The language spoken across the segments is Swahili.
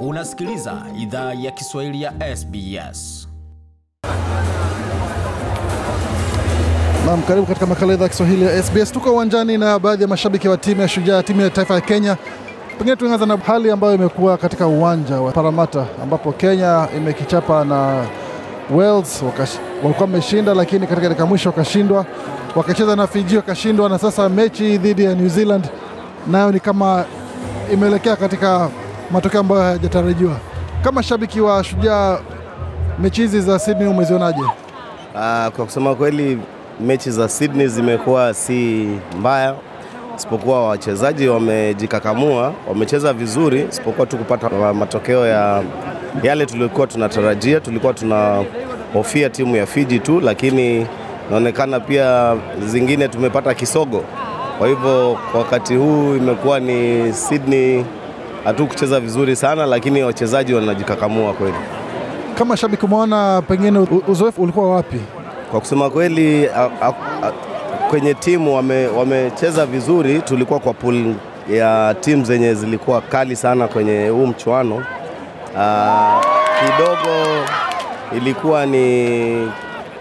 Unasikiliza idhaa ya Kiswahili ya SBS. Naam, karibu katika makala idhaa ya Kiswahili ya SBS. Tuko uwanjani na baadhi ya mashabiki wa timu ya Shujaa, timu ya taifa ya Kenya. Pengine tuanza na hali ambayo imekuwa katika uwanja wa Paramata ambapo Kenya imekichapa na Wales walikuwa wameshinda, lakini katika dakika mwisho wakashindwa. Wakacheza na Fiji wakashindwa, na sasa mechi dhidi ya New Zealand nayo ni kama imeelekea katika matokeo ambayo hayajatarajiwa. Kama shabiki wa Shujaa, mechi hizi za Sydney umezionaje? Uh, kwa kusema kweli mechi za Sydney zimekuwa si mbaya, isipokuwa wachezaji wamejikakamua, wamecheza vizuri, isipokuwa tu kupata matokeo ya yale tulikuwa tunatarajia. Tulikuwa tunahofia timu ya Fiji tu, lakini inaonekana pia zingine tumepata kisogo. Kwa hivyo kwa wakati huu imekuwa ni Sydney hatukucheza vizuri sana, lakini wachezaji wanajikakamua kweli. Kama shabiki umeona pengine uzoefu ulikuwa wapi? Kwa kusema kweli, a, a, a, kwenye timu wamecheza wame vizuri. Tulikuwa kwa pool ya timu zenye zilikuwa kali sana kwenye huu mchuano. Kidogo ilikuwa ni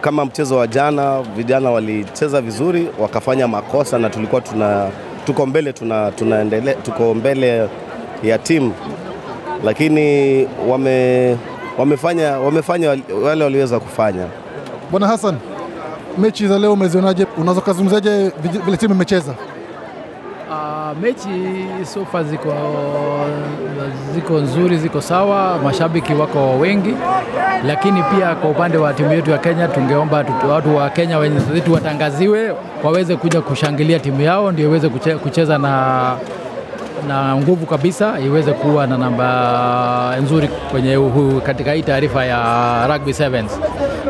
kama mchezo wa jana, vijana walicheza vizuri wakafanya makosa, na tulikuwa tuna tuko mbele tuna, tunaendele, tuko mbele ya timu, lakini wame, wamefanya, wamefanya wale waliweza kufanya. Bwana Hassan, mechi za leo umezionaje? Unaweza kuzungumzaje vile timu imecheza? Uh, mechi sofa ziko, ziko nzuri, ziko sawa, mashabiki wako wengi, lakini pia kwa upande wa timu yetu ya Kenya tungeomba watu wa Kenya wenzetu watangaziwe waweze kuja kushangilia timu yao ndio iweze kucheza na na nguvu kabisa iweze kuwa na namba nzuri kwenye uhu, katika hii taarifa ya rugby sevens,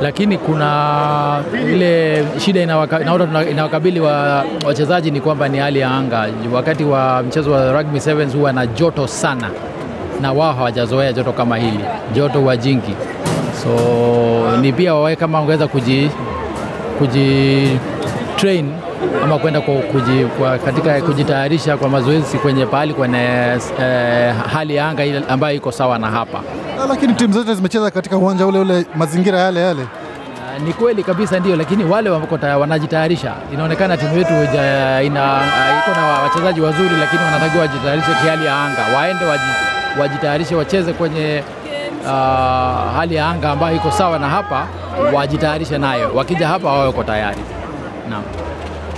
lakini kuna ile shida inaona inawakabili wa wachezaji ni kwamba ni hali ya anga. Wakati wa mchezo wa rugby sevens huwa na joto sana, na wao hawajazoea joto kama hili, joto wa jingi, so ni pia wawe kama wangeweza kuji, kuji train ama kwenda katika kujitayarisha kwa mazoezi kwenye pahali kwenye eh, hali ya anga ambayo iko sawa na hapa. Ah, lakini timu zote zimecheza katika uwanja ule ule, mazingira yale yale. Ah, ni kweli kabisa, ndio. Lakini wale wanajitayarisha, inaonekana timu yetu ah, iko na wachezaji wazuri, lakini wanatakiwa wajitayarishe kihali ya anga, waende wajitayarishe, wacheze kwenye uh, hali ya anga ambayo iko sawa na hapa, wajitayarishe nayo, wakija hapa waweko tayari. Naam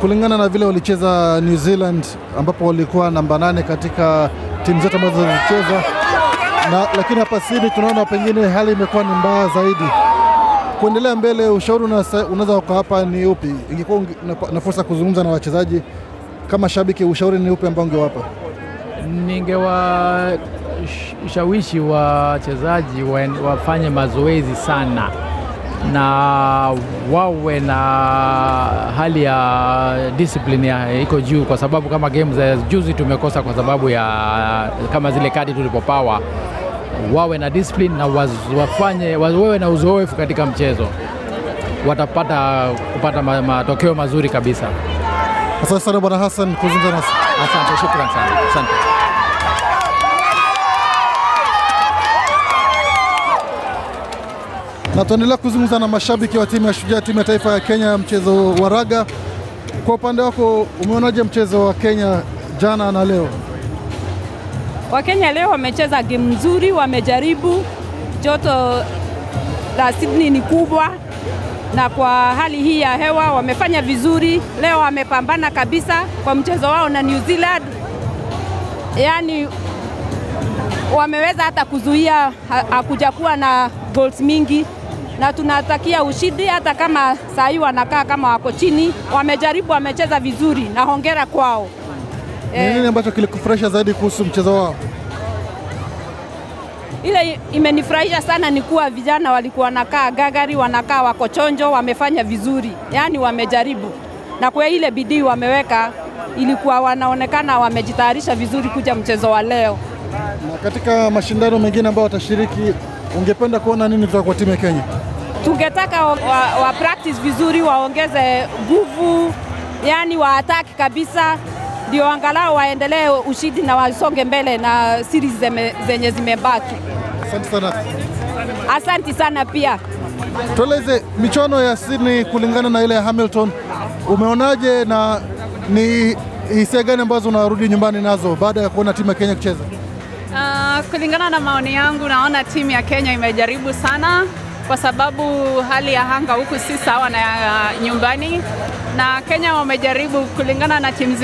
kulingana na vile walicheza New Zealand, ambapo walikuwa namba nane katika timu zote ambazo zilicheza na, lakini hapa Sydney tunaona pengine hali imekuwa ni mbaya zaidi. Kuendelea mbele, ushauri unaweza kwa hapa ni upi? Ingekuwa na fursa kuzungumza na wachezaji kama shabiki, ushauri ni upi ambao ungewapa? Ningewashawishi wachezaji wafanye mazoezi sana na wawe na hali ya discipline iko juu, kwa sababu kama game za juzi tumekosa kwa sababu ya kama zile kadi tulipopawa. Wawe na discipline na wafanye wawe na uzoefu katika mchezo, watapata kupata matokeo mazuri kabisa. Asante sana Bwana Hassan kuzungumza nasi. Asante, shukrani sana, asante. na tuendelea kuzungumza na mashabiki wa timu ya Shujaa, timu ya taifa ya Kenya, mchezo wa raga. Kwa upande wako umeonaje mchezo wa Kenya jana na leo? Wakenya leo wamecheza game nzuri, wamejaribu. Joto la Sydney ni kubwa, na kwa hali hii ya hewa wamefanya vizuri leo, wamepambana kabisa kwa mchezo wao na New Zealand, yaani wameweza hata kuzuia hakuja kuwa na goals mingi na tunatakia ushindi, hata kama saa hii wanakaa kama wako chini. Wamejaribu, wamecheza vizuri na hongera kwao. Ni nini eh. ambacho kilikufurahisha zaidi kuhusu mchezo wao? Ile imenifurahisha sana ni kuwa vijana walikuwa wanakaa gagari, wanakaa wako chonjo, wamefanya vizuri, yaani wamejaribu, na kwa ile bidii wameweka ilikuwa wanaonekana wamejitayarisha vizuri kuja mchezo wa leo. Na katika mashindano mengine ambayo watashiriki, ungependa kuona nini kutoka kwa timu ya Kenya? tungetaka wa, wa practice vizuri, waongeze nguvu, yani attack kabisa, ndio angalau waendelee ushindi na wasonge mbele na series zenye zimebaki. Asante sana. Asante sana pia. Tueleze michuano ya Sydney kulingana na ile ya Hamilton, umeonaje na ni hisia gani ambazo unarudi nyumbani nazo baada ya kuona timu ya Kenya kucheza? Uh, kulingana na maoni yangu naona timu ya Kenya imejaribu sana kwa sababu hali ya anga huku si sawa na nyumbani, na Kenya wamejaribu kulingana na timu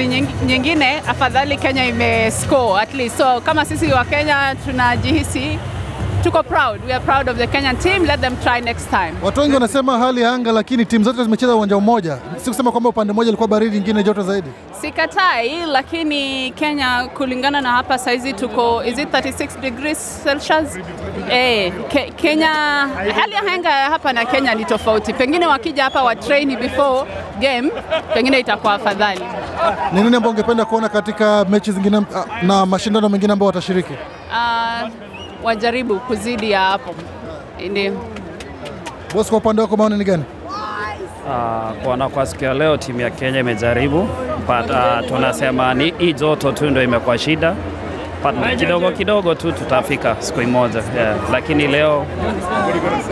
nyingine, afadhali Kenya imescore at least. So kama sisi wa Kenya tunajihisi tuko proud. We are proud of the Kenyan team. Let them try next time. Watu wengi wanasema hali ya anga, lakini timu zote zimecheza uwanja mmoja, si kusema kwamba upande mmoja ilikuwa baridi, nyingine joto zaidi. Sikatai, lakini Kenya kulingana na hapa saizi tuko is it 36 degrees Celsius? Eh, ke, Kenya hali ya anga hapa na Kenya ni tofauti. Pengine wakija hapa wa train before game, pengine itakuwa afadhali. Ni nini ambao ungependa kuona katika mechi zingine ah, na mashindano mengine ambayo watashiriki? Uh, wajaribu kuzidi ya hapo. Ndio bosi, kwa upande wako maoni ni gani? Kuona ah, kwa siku ya leo timu ya Kenya imejaribu but uh, tunasema ni hii joto tu ndio imekuwa shida but kidogo kidogo tu tutafika siku moja yeah. Lakini leo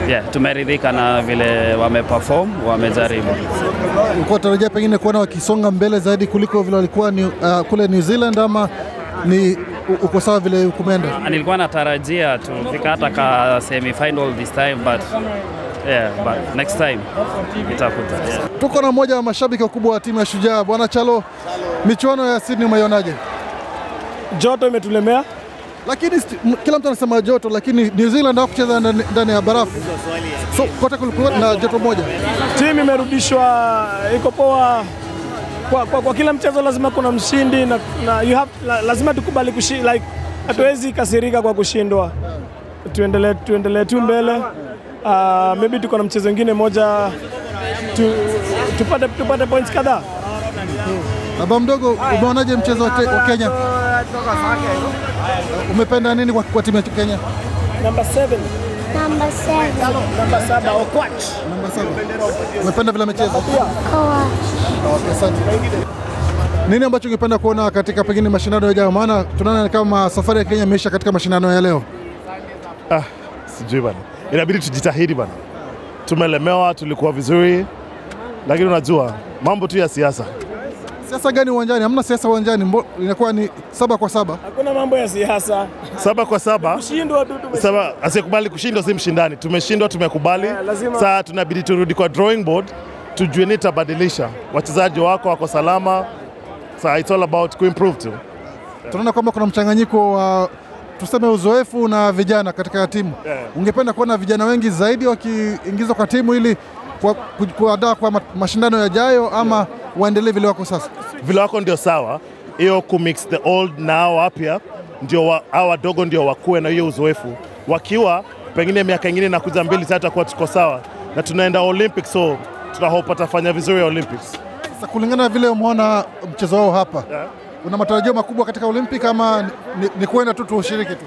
yeah, tumeridhika na vile wameperform, wamejaribu. Ulikuwa tarajia pengine kuona wakisonga mbele zaidi kuliko vile walikuwa ni, uh, kule New Zealand ama ni uko sawa vile ukumenda? Uh, ah, nilikuwa natarajia tufika hata ka semi final this time but Yeah, but next time itakuta. Yeah. Tuko na mmoja wa mashabiki wakubwa wa timu ya Shujaa, Bwana Chalo. Michuano ya Sydney umeionaje? Joto imetulemea lakini kila mtu anasema joto, lakini New Zealand hawakucheza ndani ya barafu, so kote kulikuwa na joto moja. Timu imerudishwa iko poa kwa, kwa, kwa kila mchezo lazima kuna mshindi na, na you have, la, lazima tukubali kushi, like hatuwezi kasirika kwa kushindwa, tuendelee tuendelee tu mbele. Uh, maybe tuko na mchezo mwingine moja tu, tupate, tupate points kadhaa. Baba mdogo, umeonaje mchezo wa Kenya? Umependa nini kwa timu ya Kenya? Number 7. Namba saba. Namba saba Okwach. Namba saba. Umependa vile amecheza? Nini ambacho ungependa kuona katika pengine mashindano yajayo, maana tunaona kama safari ya Kenya imeisha katika mashindano ya leo? Ah, sijui bana, inabidi tujitahidi bana. Tumelemewa, tulikuwa vizuri, lakini unajua mambo tu ya siasa. Siasa gani uwanjani? Hamna siasa uwanjani, inakuwa ni saba kwa saba. Hakuna mambo ya siasa saba kwa saba, saba asikubali kushindwa si mshindani. Tumeshindwa, tumekubali yeah. saa tunabidi turudi kwa drawing board, tujue tabadilisha Wachezaji wako wako salama, saa, it's all about improve tu. Tunaona kwamba kuna mchanganyiko wa tuseme uzoefu na vijana katika timu yeah. Ungependa kuona vijana wengi zaidi wakiingizwa kwa timu ili kuadaa kwa, kwa mashindano yajayo ama yeah. Waendelee vile wako sasa, vile wako ndio sawa, hiyo kumix the old na wapya ndio wa, hawa wadogo ndio wakuwe na hiyo uzoefu, wakiwa pengine miaka ingine inakuja mbili tatu, akuwa tuko sawa na tunaenda Olympics, so tunahope atafanya vizuri Olympics. Sasa kulingana na vile umeona mchezo wao hapa yeah. Una matarajio makubwa katika Olympic ama ni, ni kwenda tu tuushiriki tu?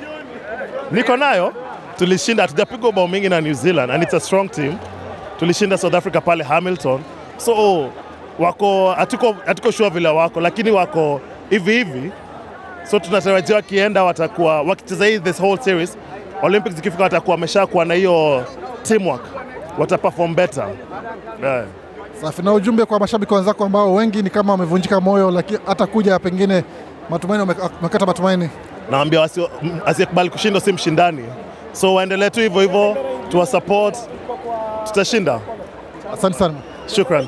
Niko nayo, tulishinda, hatujapigwa bao mingi na New Zealand and it's a strong team. Tulishinda South Africa pale Hamilton, so oh, wako hatuko sure vile wako, lakini wako hivi hivi so tunatarajia wakienda watakuwa wakicheza hii this whole series, Olympics zikifika watakuwa wameshakuwa na hiyo teamwork, wataperform better yeah. Safi. Na ujumbe kwa mashabiki wenzako ambao wengi ni kama wamevunjika moyo, lakini hata kuja pengine matumaini wamekata matumaini, naambia asiyekubali kushindwa si mshindani, so waendelee tu hivyo hivyo, tuwasupport, tutashinda. Asante sana, shukran.